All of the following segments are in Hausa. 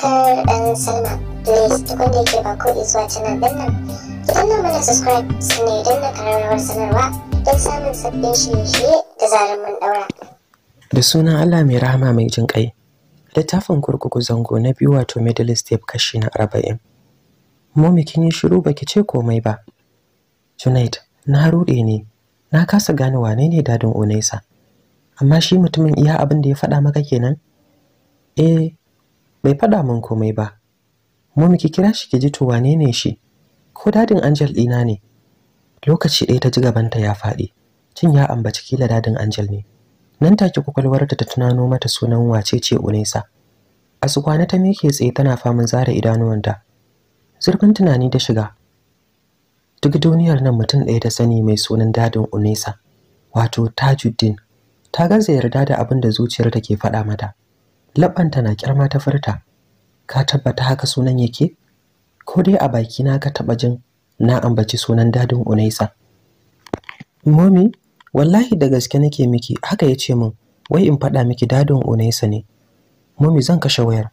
subscribe and sign up. Please tukun da yake ba ko zuwa canal nan. Ki danna mana subscribe sannan idan na kararrawar sanarwa don samun sabbin shirye-shirye da zarar mun daura. Da sunan Allah mai rahama mai jin ƙai. Littafin kurkuku zango na biyu wato Middle Step kashi na arba'in. Momi kin yi shiru baki ce komai ba. Junaid, na ruɗe ne. Na kasa gane wane ne dadin Onesa. Amma shi mutumin iya abin da ya faɗa maka kenan? Eh, bai faɗa min komai ba mu ki kira shi ki ji to wane ne shi ko dadin angel ɗina ne lokaci ɗaya ta ji gabanta ya faɗi cin ya ambaci kila dadin angel ne nan take kwakwalwarta ta tunano mata sunan wace ce unesa A su kwana ta miƙe tsaye tana faman zara idanuwanta zurfin tunani ta shiga duk duniyar nan mutum ɗaya ta sani mai sunan dadin unesa wato tajuddin ta gaza yarda da abin da zuciyar take faɗa mata Laɓanta na kyarma ta furta ka tabbata haka sunan yake ko dai a baki na ka taɓa jin na ambaci sunan dadin Unaisa Mami wallahi da gaske nake miki haka ya ce min wai in faɗa miki dadin Unaisa ne Mami zan kashe wayar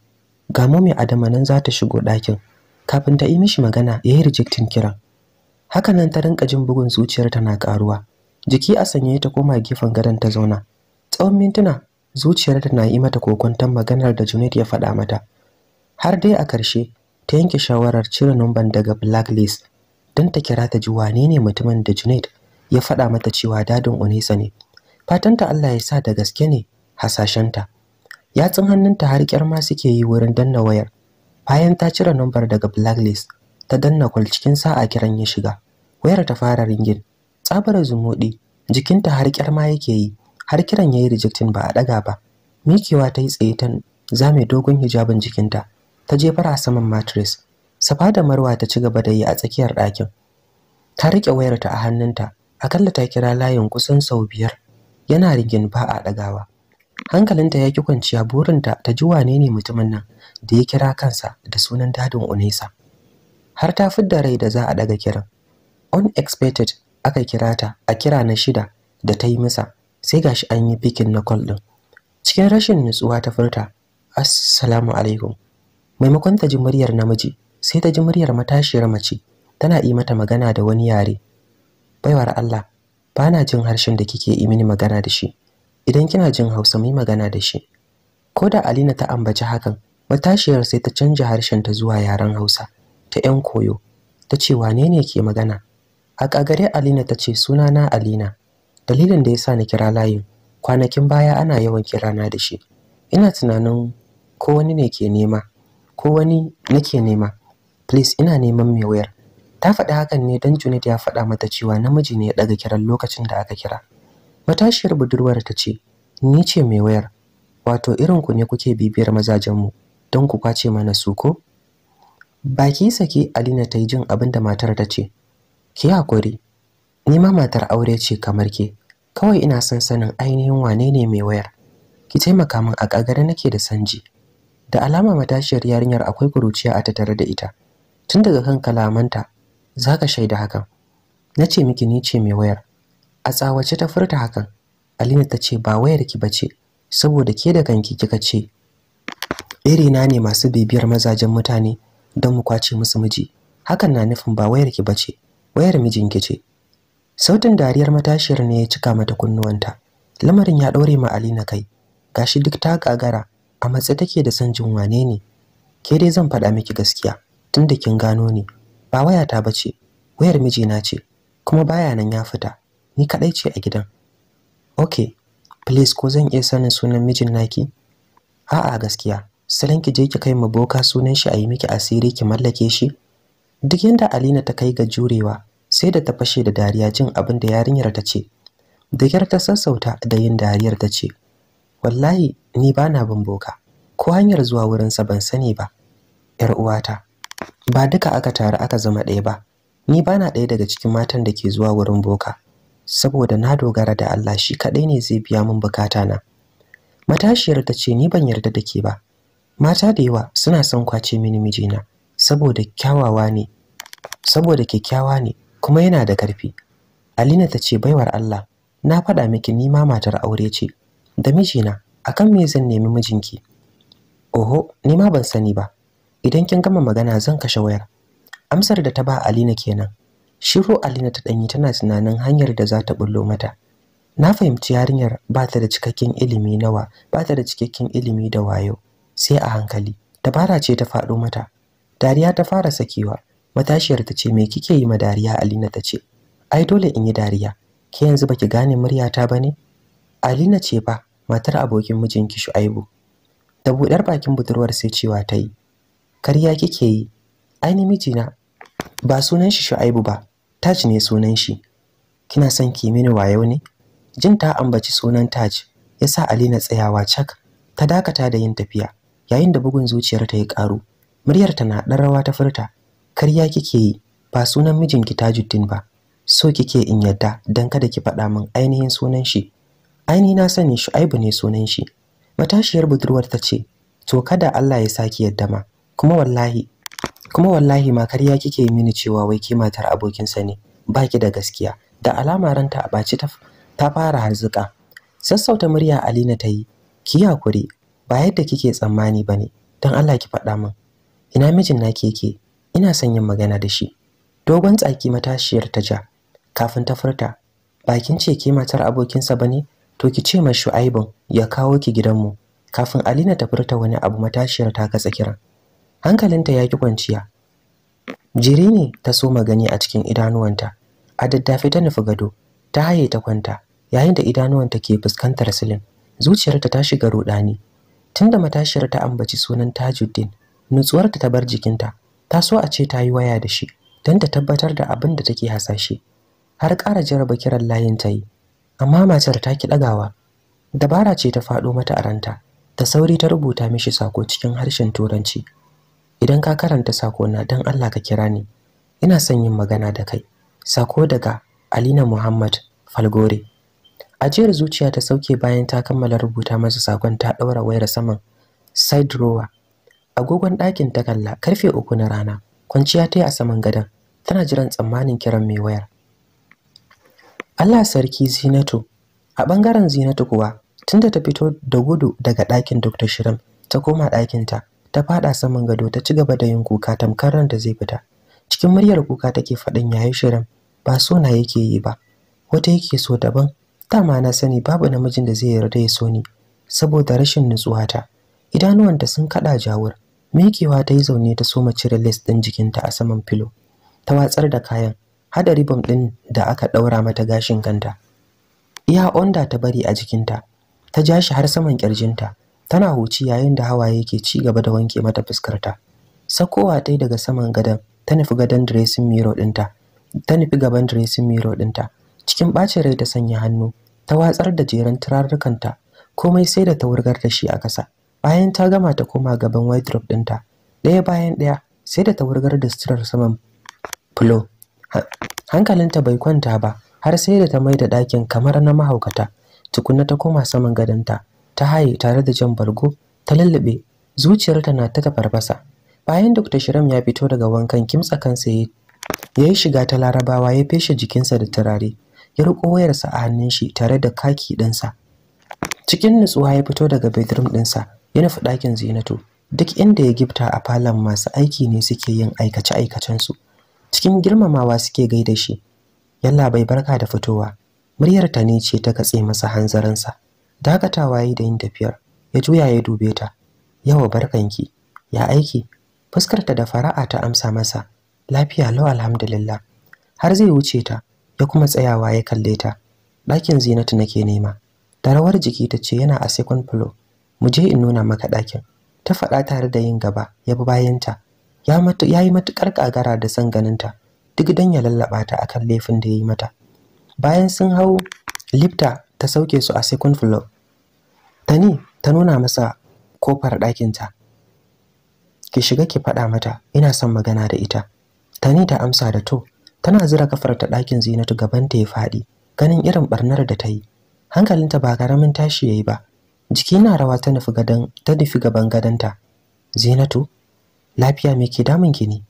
ga Mami Adama nan za ta shigo ɗakin kafin ta yi mishi magana yayi rijiktin kiran haka nan ta rinka jin bugun zuciyar tana na karuwa jiki a sanye ta koma gefen gadon ta zauna tsawon mintuna Zuciyar zuciyarta na yi mata kokonton maganar da Junaid ya faɗa mata har dai a ƙarshe ta yanke shawarar cire numban daga blacklist don ta kira ta ji wane ne mutumin da Junaid ya faɗa mata cewa dadin unisa ne fatanta Allah ya sa da gaske ne hasashenta yatsun hannunta har kyar ma suke yi wurin danna wayar bayan ta cire numbar daga blacklist ta danna kwal cikin sa'a kiran ya shiga wayar ta fara ringin tsabar zumuɗi jikinta har kyar ma yake yi har kiran yayi rejecting ba a daga ba mikewa ta yi tsaye ta zame dogon hijabin jikinta ta jefar a saman mattress safa da marwa ta ci gaba da yi a tsakiyar ɗakin ta riƙe wayarta a hannunta akalla ta kira layin kusan sau biyar yana rigin ba a ɗagawa hankalinta ya ki kwanciya burinta ta ji wane ne mutumin nan da ya kira kansa da sunan dadin unesa har ta fidda rai da za a ɗaga kiran unexpected aka kira ta a kira na shida da ta yi misa. sai gashi an yi bikin na kwal din cikin rashin nutsuwa ta furta assalamu alaikum maimakon ta ji muryar namiji sai ta ji muryar matashiyar mace tana yi mata magana da wani yare baiwar Allah ba na jin harshen da kike yi mini magana da shi idan kina jin Hausa mai magana da shi ko da Alina ta ambaci hakan matashiyar sai ta canja harshen ta zuwa yaren Hausa ta 'yan koyo ta ce wane ne ke magana a kagare Alina ta ce sunana Alina dalilin da ya sa ni kira layin kwanakin baya ana yawan kira na da shi ina tunanin ko wani ne ke nema ko wani nake nema please ina neman mai wayar ta faɗi hakan ne dan Junaid ya faɗa mata cewa namiji ne ya ɗaga kiran lokacin da aka kira matashiyar budurwar ta ce ni ce mai wayar wato irin ku ne kuke bibiyar mazajenmu don ku kwace mana su ko baki sake Alina ta yi jin abin da matar ta ce ki hakuri ni ma matar aure ce kamar ke kawai ina son sanin ainihin wane ne mai wayar ki taimaka min a kagare nake da sanji da alama matashiyar yarinyar akwai kuruciya a tattare da ita tun daga kan kalamanta za ka shaida hakan Na ce miki ni ce mai wayar a tsawace ta furta hakan Alina ta ce ba wayar ki bace saboda ke da kanki kika ce irina ne masu bibiyar mazajen mutane don mu kwace musu miji hakan na nufin ba wayar ki bace wayar mijinki ce Sautin dariyar matashiyar ne ya cika mata kunnuwanta. Lamarin ya ɗaure ma Alina kai. Gashi duk ta gagara, a matse take da son jin wane ne. Ke dai zan faɗa miki gaskiya, tunda kin gano ni. Ba wayata ba ce, wayar mijina ce, kuma baya nan ya fita. Ni kaɗai ce a gidan. Ok, please ko zan iya sanin sunan mijin naki? A'a gaskiya, salon ki je ki kai ma boka sunan shi a yi miki asiri ki mallake shi. Duk yanda Alina ta kai ga jurewa, sai da ta fashe da dariya jin abin da yarinyar ta ce da kyar ta sassauta da yin dariyar ta ce wallahi ni ba na bin boka ko hanyar zuwa wurin sa ban sani ba yar uwata ba duka aka taru aka zama ɗaya ba ni ba na ɗaya daga cikin matan da ke zuwa wurin boka saboda na dogara da Allah shi kaɗai ne zai biya min bukata na matashiyar ta ce ni ban yarda da ke ba mata da yawa suna son kwace mini mijina saboda kyawawa ne saboda kyakkyawa ne kuma yana da karfi Alina ta ce baiwar Allah na faɗa miki ni ma matar aure ce da mijina akan me zan nemi mijinki oho ni ma ban sani ba idan kin gama magana zan kashe wayar amsar da ta ba Alina kenan shiru Alina ta ɗanyi tana tunanin hanyar da za ta bullo mata na fahimci yarinyar ba ta da cikakken ilimi nawa ba ta da cikakken ilimi da wayo sai a hankali dabara ce ta faɗo mata dariya ta fara sakewa matashiyar ta ce me kike yi ma dariya alina ta ce ai dole in yi dariya ke yanzu baki gane muryata ba ne alina ce fa matar abokin mijinki shu'aibu da buɗar bakin budurwar sai cewa ta yi karya kike yi ai ni mijina ba sunan shi shu'aibu ba taj ne sunan shi kina son ki mini wayo ne jin ta ambaci sunan taj yasa alina tsayawa cak ta dakata da yin tafiya yayin da bugun zuciyar ta ya ƙaru muryar ta na ɗan rawa ta furta karya kike yi ba sunan mijinki tajuddin ba so kike in yadda dan kada ki faɗa min ainihin sunan shi aini na sani shu'aibu ne sunan shi matashiyar budurwar ta ce to kada Allah ya saki yadda ma kuma wallahi kuma wallahi ma karya kike yi mini cewa wai ki matar abokinsa ne baki da gaskiya da alama ranta a baci ta ta fara harzuka sassauta murya Alina ta yi ki hakuri ba yadda kike tsammani bane dan Allah ki faɗa min ina mijin nake yake ina son yin magana da shi dogon tsaki matashiyar ta ja kafin ta furta bakin ce ke matar abokinsa bane to ki ce ma aibin ya kawo ki gidanmu kafin Alina ta furta wani abu matashiyar ta katsa kiran hankalinta ya ki kwanciya jiri ne ta so magani a cikin idanuwanta a daddafe ta nufi gado ta haye ta kwanta yayin da idanuwanta ke fuskantar silin zuciyarta ta shiga ruɗani. tunda matashiyar ta ambaci sunan Tajuddin nutsuwarta ta bar jikinta ta so a ce ta yi waya da shi don ta tabbatar da abin da take hasashe har ƙara jaraba kiran layin ta yi amma matar ta ki ɗagawa dabara ce ta faɗo mata a ranta da sauri ta rubuta mishi sako cikin harshen turanci idan ka karanta sako na don allah ka kira ni ina son yin magana da kai sako daga alina muhammad falgore ajiyar zuciya ta sauke bayan ta kammala rubuta masa sakon ta ɗaura wayar saman side drawer agogon ɗakin ta kalla karfe uku na rana kwanciya ta yi a saman gadon tana jiran tsammanin kiran mai wayar Allah sarki Zinatu a ɓangaren Zinatu kuwa tunda ta fito da gudu daga ɗakin Dr. Shirin ta koma ɗakinta ta faɗa saman gado ta ci gaba da yin kuka tamkar ran da zai fita cikin muryar kuka take faɗin yayi Shirin ba so na yake yi ba wata yake so daban dama na sani babu namijin da zai yarda ya so ni saboda rashin nutsuwa ta. idanuwanta sun kaɗa jawur Mikewa ta yi zaune ta soma cire list ɗin jikinta a saman filo. Ta watsar da kayan, hada ribom ɗin da aka ɗaura mata gashin kanta. Iya onda ta bari a jikinta, ta ja shi har saman ƙirjinta, tana huci yayin da hawaye ke ci gaba da wanke mata fuskarta. Sakowa ta daga saman gadon, ta nufi gadon dressing miro ɗinta, ta nufi gaban dressing mirror ɗinta. Cikin ɓacin rai ta sanya hannu, ta watsar da jeren ta, komai sai da ta wurgar da shi a ƙasa. bayan ta gama ta koma gaban wardrobe ɗinta ɗaya bayan ɗaya sai da ta wurgar da suturar saman fulo hankalinta bai kwanta ba har sai da ta maida ɗakin kamar na mahaukata tukunna ta koma saman gadonta ta haye tare da jan bargo ta lullube zuciyarta na ta tafarfasa bayan dr shiram ya fito daga wankan kimtsa kansa ya yi shiga ta larabawa ya feshe jikinsa da turare ya riƙo wayarsa a hannun shi tare da kaki ɗinsa cikin nutsuwa ya fito daga bedroom ɗinsa ya nufi ɗakin zinatu duk inda ya gifta a falon masu aiki ne suke yin aikace-aikacensu cikin girmamawa suke gaida shi yalla bai barka da fitowa muryar ta ne ce ta katse masa hanzarinsa dakatawa yi da yin tafiyar ya juya ya dube ta yawa barkanki ya aiki fuskarta da fara'a ta amsa masa lafiya lau alhamdulillah har zai wuce ta ya kuma tsayawa ya kalle ta ɗakin zinatu nake nema Tarawar jiki ta ce yana a second floor mu je in nuna maka ɗakin ta faɗa tare da yin gaba ya bi bayanta ya yi matuƙar ƙagara da son ganinta duk dan ya lallaɓa ta akan laifin da ya yi mata bayan sun hau lifta ta sauke su a second floor tani ta nuna masa kofar ɗakinta ki shiga ki faɗa mata ina son magana da ita tani ta amsa da to tana zira kafar ta ɗakin zinatu gaban ta ya faɗi ganin irin ɓarnar da ta yi hankalinta ba karamin tashi yayi ba jiki na rawa ta nufi gadan ta nufi gaban gadanta zinatu lafiya me ke damun ki ne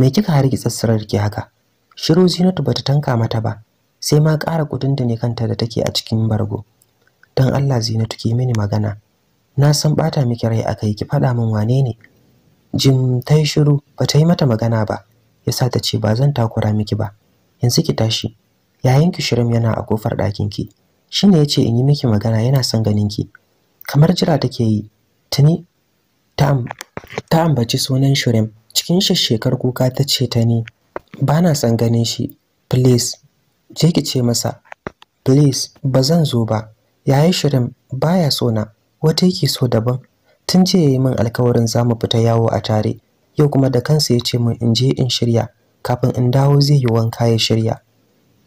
me kika har tsatsarar ki haka shiru zinatu bata tanka mata ba sai ma ƙara kudin da ne kanta da take a cikin bargo dan Allah zinatu ki mini magana na san bata miki rai akai ki faɗa min wane ne jim tai shiru bata yi mata magana ba yasa ta ce ba zan takura miki ba yanzu ki tashi yayin ki shirin yana a kofar ɗakin ki ne ya ce in yi miki magana yana son ganin ki kamar jira take yi tuni ta ta ambaci sunan shirim, cikin shekar kuka ta ce ta ni ba na son ganin shi please je ki ce masa please ba zan zo ba Yayi shirim baya so na wata yake so daban tun jiya yayi min alkawarin mu fita yawo a tare yau kuma da kansa ya ce min in je in shirya kafin in dawo zai yi wanka ya shirya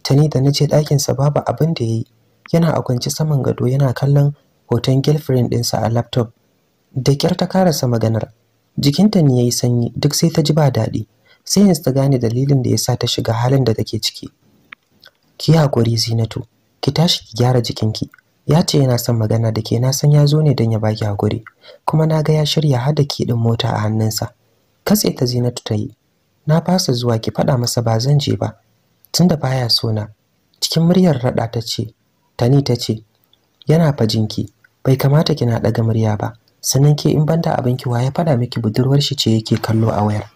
tani da nace ce sa babu abin da yi. yana a kwance saman gado yana kallon hoton girlfriend ɗinsa a laptop da kyar ta karasa maganar jikinta ne ya yi sanyi duk sai ta ji ba daɗi sai yanzu ta gane dalilin da ya sa ta shiga halin da take ciki ki hakuri zinatu ki tashi ki gyara jikinki ya ce yana son magana da ke na san ya zo ne don ya baki hakuri. kuma na ga ya shirya har da ki ɗin mota a hannunsa katse ta zinatu ta yi na fasa zuwa ki faɗa masa ba zan je ba tunda baya so na cikin muryar raɗa ta ce tani ta ce yana fajinki bai kamata kina ɗaga murya ba sannan ke in banda abinki wa ya faɗa miki budurwar shi ce yake kallo a wayar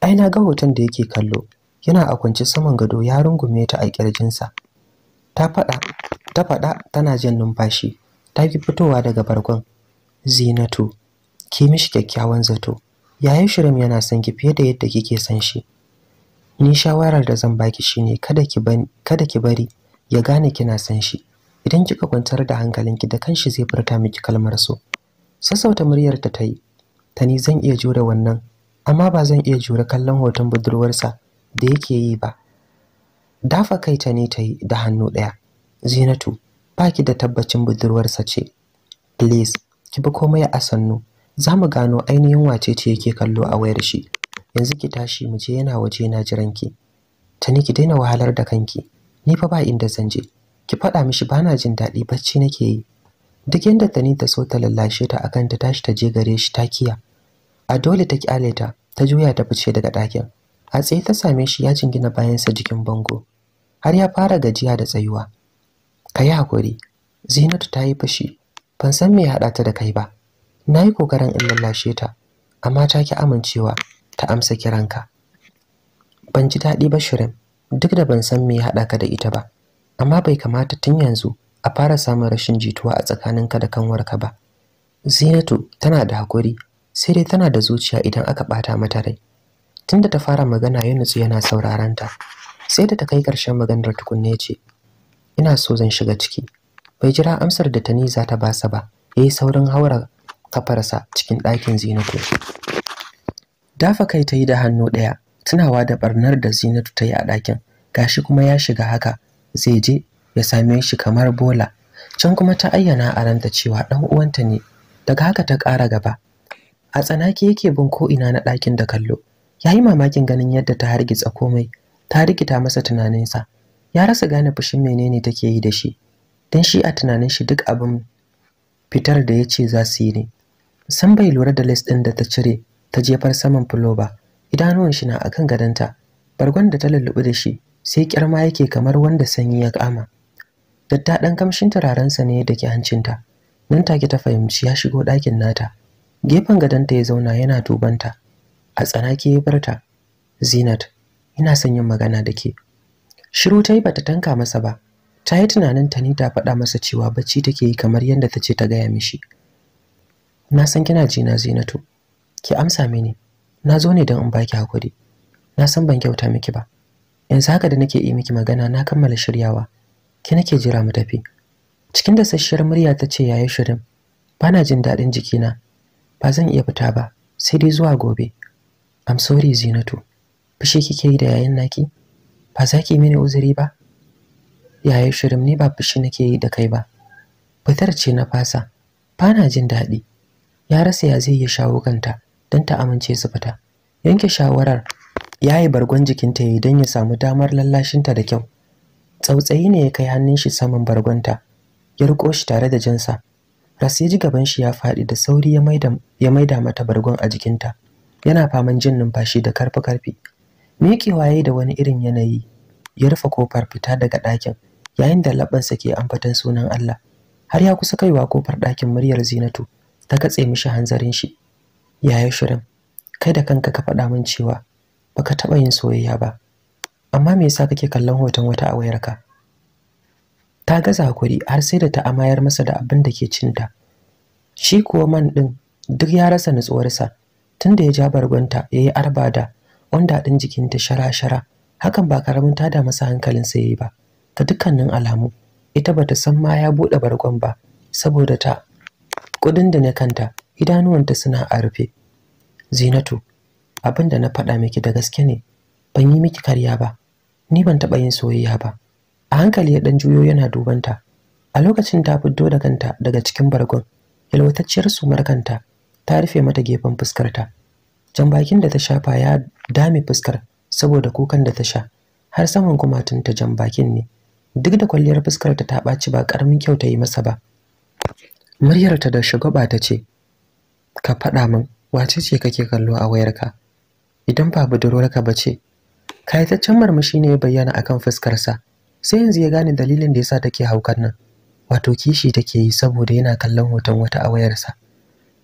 ai na ga hoton da yake kallo yana a kwance saman gado ya rungume ta a kirjinsa ta faɗa ta faɗa tana jin numfashi ta ki fitowa daga bargon zinatu ki mishi kyakkyawan zato yayin shirin yana son ki fiye da yadda kike son shi ni shawarar da zan baki shine kada ki kada ki bari ya gane kina san shi idan kika kwantar da hankalinki da kanshi zai furta miki kalmar so sassauta muryar ta tayi tani zan iya jure wannan amma ba zan iya jure kallon hoton budurwarsa da yake yi ba dafa kai ta ne tayi da hannu ɗaya zinatu baki da tabbacin budurwarsa ce please ki bi komai a sannu za mu gano ainihin wace ce yake kallo a wayar shi yanzu ki tashi mu je yana waje na jiranki tani ki daina wahalar da kanki ni fa ba inda zan je ki faɗa mishi bana jin daɗi bacci nake yi duk ta ni ta so ta lallashe ta akan ta tashi ta je gare shi ta kiya a dole ta kyale ta ta juya ta fice daga ɗakin a tsaye ta same shi ya jingina bayansa jikin bango har ya fara gajiya da tsayuwa ka yi hakuri zinatu ta yi fushi ban san me ya haɗa ta da kai ba na yi kokarin in lallashe ta amma ta ki amincewa ta amsa kiranka ban ji daɗi ba shirin duk da ban san me ya haɗa ka da ita ba amma bai kamata tun yanzu a fara samun rashin jituwa a tsakaninka da kanwarka ba Zinatu tana da hakuri sai dai tana da zuciya idan aka bata mata rai tunda ta fara magana Yunus yana sauraron ta sai da ta kai ƙarshen maganar tukunne ce ina so zan shiga ciki bai jira amsar da tani za ta basa ba yayi saurin haura kafarsa cikin ɗakin Zinatu dafa kai ta yi da hannu ɗaya tunawa da barnar da Zinatu ta yi a ɗakin gashi kuma ya shiga haka zai je ya same shi kamar bola can kuma ta ayyana a ranta cewa ɗan uwanta ne daga haka ta ƙara gaba a tsanaki yake bin ko ina na ɗakin da kallo ya yi mamakin ganin yadda ta hargitsa komai ta rikita masa tunaninsa ya rasa gane fushin menene take yi da shi don shi a tunanin shi duk abin fitar da ya ce za su yi ne san bai lura da les ɗin da ta cire ta jefar saman fulo ba idanuwan shi na akan gadanta bargon da ta lullubi da shi sai kyarma yake kamar wanda sanyi ya kama dan kamshin turarensa ne da ke hancinta nan take ta fahimci ya shigo ɗakin nata gefen gadonta ya zauna yana tubanta a tsanake ya barta zinat ina son yin magana da ke shiru ta yi bata tanka masa ba ta yi tunanin ta ni ta faɗa masa cewa bacci take yi kamar yadda ta ce ta gaya mishi na san kina jina zinatu ki amsa mini na zo ne don in baki hakuri na san ban kyauta miki ba yanzu haka da nake yi miki magana na kammala shiryawa ki nake jira mu tafi cikin da sashiyar murya ta ce yayi shirin bana jin daɗin jikina ba zan iya fita ba sai dai zuwa gobe I'm sorry Zinatu fushi kike yi da yayin naki ba za ki mini uzuri ba yayi shirin ne ba fushi nake yi da kai ba fitar ce na fasa bana jin daɗi ya rasa ya zai iya shawo kanta don ta amince su fita yanke shawarar ya yi bargon jikinta ya yi don ya samu damar lallashinta da kyau tsautsayi ne ya kai hannun shi saman bargonta ya riko shi tare da jinsa ras ya ji gaban shi ya faɗi da sauri ya maida mata bargon a jikinta yana faman jin numfashi da karfi karfi miƙewa ya yi da wani irin yanayi ya rufe kofar fita daga ɗakin yayin da labbansa ke ambatan sunan Allah har ya kusa kaiwa kofar ɗakin muryar Zinatu ta katse mishi hanzarin shi yaya shirin kai da kanka ka faɗa min cewa baka taɓa yin soyayya ba amma me yasa kake kallon hoton wata a wayarka ta gaza hakuri har sai da ta amayar masa da abin da ke cinta shi kuwa man ɗin, duk ya rasa nutsuwarsa tunda ya ja bargonta ya yi arba da wanda ɗin jikinta shara-shara hakan ba karamin tada masa hankalin sa yayi ba ta dukkanin alamu ita bata san ma ya buɗe bargon ba saboda ta kudin da na kanta idanuwanta suna a rufe zinatu abin da na faɗa miki da gaske ne ban yi miki karya ba ni ban taɓa yin soyayya ba a hankali ya ɗan juyo yana dubanta a lokacin ta fito da kanta daga cikin bargon yalwatacciyar sumar kanta ta rufe mata gefen fuskarta jan bakin da ta shafa ya dame fuskar saboda kukan da ta sha har saman kumatun ta jan bakin ne duk da kwalliyar fuskar ta ta ɓaci ba ƙaramin kyau ta yi masa ba Muryarta da shagwaba ta ce ka faɗa min wace ce kake kallo a wayarka idan ba budurwarka ba ce kayataccen marmashi ne ya bayyana akan fuskarsa sai yanzu ya gane dalilin da yasa take haukan nan wato kishi take yi saboda yana kallon hoton wata a wayarsa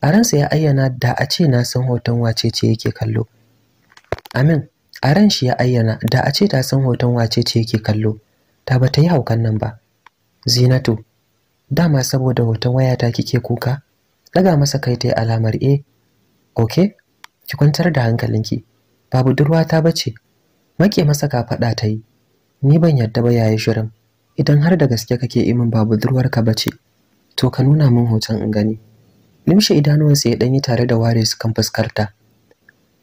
a ransa ya ayyana da a ce na san hoton wace ce yake kallo amin a ran shi ya ayyana da a ce ta san hoton wace ce yake kallo ta ba ta yi haukan nan ba zinatu dama saboda hoton wayata kike kuka daga masa kai ta alamar e okay ki kwantar da hankalinki ba budurwa ta bace Maƙe masa faɗa ta yi ni ban yarda ba yayi shirin idan har da gaske kake min ba budurwar ka bace to ka nuna min hoton in gani limshe idanuwansa ya danyi tare da ware su kan fuskarta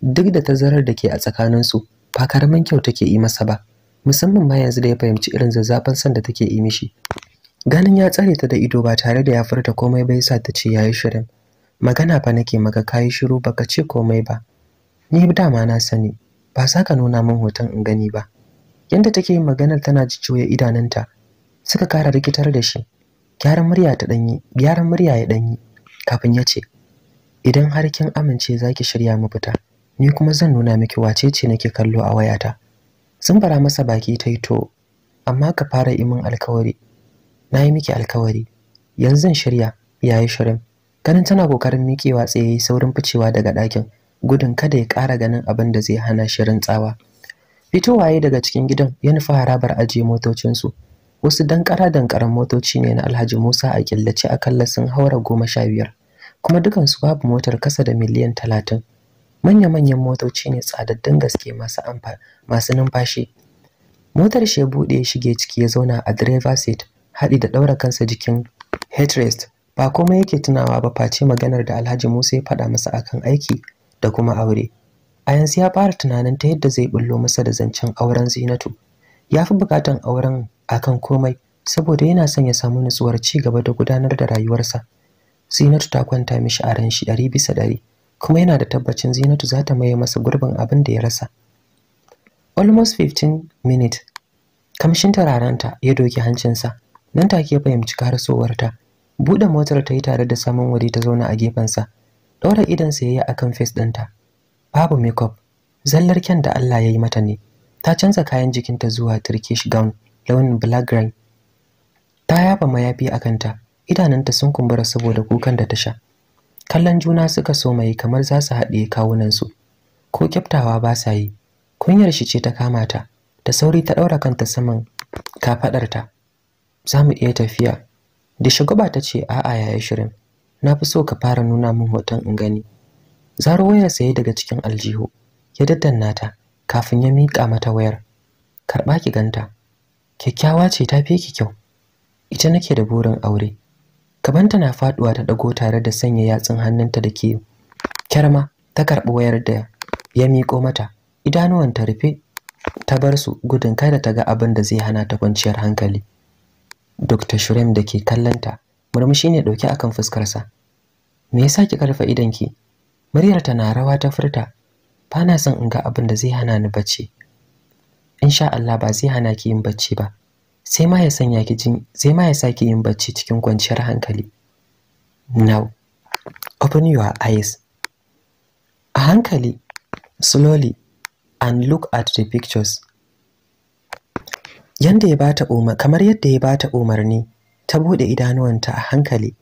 duk da tazarar da ke a tsakaninsu ba karamin kyau take yi masa ba musamman ma yanzu da ya fahimci irin zazzafan san da take yi mishi ganin ya tsare ta da ido ba tare da ya furta komai ba yasa ta ce yayi shirin magana fa nake maka kayi shiru baka ce komai ba ni dama na sani ba za ka nuna min hoton in gani ba yanda take yin maganar tana jijjiya idanunta suka kara rikitar da shi gyaran murya ta danyi gyaran murya ya danyi kafin ya ce idan har kin amince zaki shirya mu fita ni kuma zan nuna miki wace ce nake kallo a wayata sun bara masa baki ta yi to amma ka fara yi min alkawari na yi miki alkawari yanzu zan shirya yayi shirin ganin tana kokarin miƙewa tsaye saurin ficewa daga ɗakin gudun kada ya ƙara ganin abin da zai hana shirin tsawa fitowaye daga cikin gidan ya nufi harabar ajiye motocinsu wasu dankara dankaran motoci ne na alhaji musa a killace akalla sun haura goma sha biyar kuma dukansu babu motar kasa da miliyan talatin manya-manyan motoci ne tsadaddun gaske masu masu numfashi motar shi ya buɗe shige ciki ya zauna a driver seat haɗi da ɗaura kansa jikin headrest ba komai yake tunawa ba face maganar da alhaji musa ya faɗa masa akan aiki da kuma aure a yanzu ya fara tunanin ta yadda zai bullo masa da zancen auren zinatu ya fi bukatan auren akan komai saboda yana son ya samu nutsuwar ci gaba da gudanar da rayuwarsa zinatu ta kwanta mishi a ran shi ɗari bisa ɗari kuma yana da tabbacin zinatu za ta maye masa gurbin abin da ya rasa almost 15 minutes kamshin turarenta ya doki hancinsa nan take fahimci karasowarta buɗe motar ta yi tare da samun wuri ta zauna a gefensa ɗaura idan sayayya a kan fes ɗinta babu makeup zallar kyan da Allah ya yi mata ne ta canza kayan jikinta zuwa turkish gown launin black green ta yaba mayafi a kanta idanunta sun kumbura saboda kukan da ta sha kallon juna suka so mai kamar za su haɗe kawunansu ko kyaftawa ba sa yi kunyar shi ce ta kama ta da sauri ta ɗaura kanta saman kafaɗarta za mu iya tafiya da shugaba ta ce a'a yaya shirin na fi so ka fara nuna min hoton in gani zaro wayar saye daga cikin aljihu ya daddanna ta kafin ya miƙa mata wayar karɓa ki ganta kyakkyawa ce ta fi kyau ita nake da burin aure kabanta na faduwa ta ɗago tare da sanya yatsun hannunta da ke kyarma ta karɓi wayar da ya miko mata ta rufe ta bar su gudun kada ta ga abin da zai hana ta kwanciyar hankali Dr. Shurem da ke kallanta murmushi ne dauke akan fuskarsa me yasa ki karfa idanki muryar ta na rawa ta furta ba na son in ga abin da zai hana ni bacci sha Allah ba zai hana ki yin bacci ba sai ma ya sanya ki jin sai ma ya saki yin bacci cikin kwanciyar hankali now open your eyes a hankali slowly and look at the pictures yanda ya bata umar kamar yadda ya bata umarni ta bude idanuwanta a hankali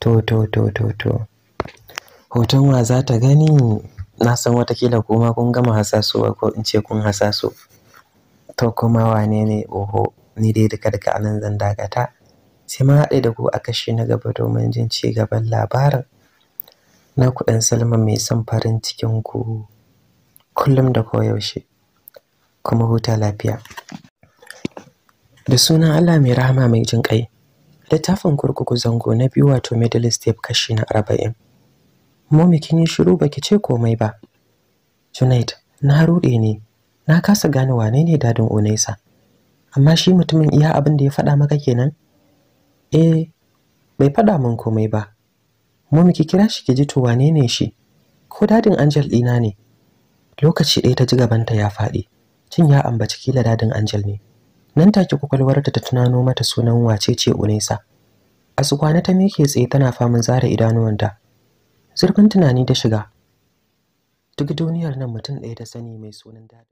to to to to to hoton wa za ta gani na san watakila kuma kun gama hasasowa ko in ce kun hasaso to kuma wane ne oho ni dai da daga anan zan dakata sai ma haɗe da ku a kashi na gaba domin jin ci gaban labarin na kuɗin salma mai son farin cikin ku kullum da koyaushe kuma huta lafiya da sunan Allah mai rahama mai jin ƙai littafin kurkuku zango na biyu wato middle step kashi na arba'in momi kin yi shiru baki ce komai ba Junaid na ruɗe ne na kasa gane wane ne dadin Onesa. amma shi mutumin iya abin da ya faɗa maka kenan eh bai faɗa min komai ba momi ki kira shi ki ji to wane ne shi ko dadin Angel ɗina ne lokaci ɗaya ta ji gabanta ya faɗi cin ya ambaci kila dadin Angel ne nan take kwakwalwar ta tunano mata sunan wace ce Unesa. kwana ta miƙe tsaye tana famin zara idanuwanta. Zurfin tunani ta shiga. Duk duniyar nan mutum ɗaya ta sani mai sunan daɗi.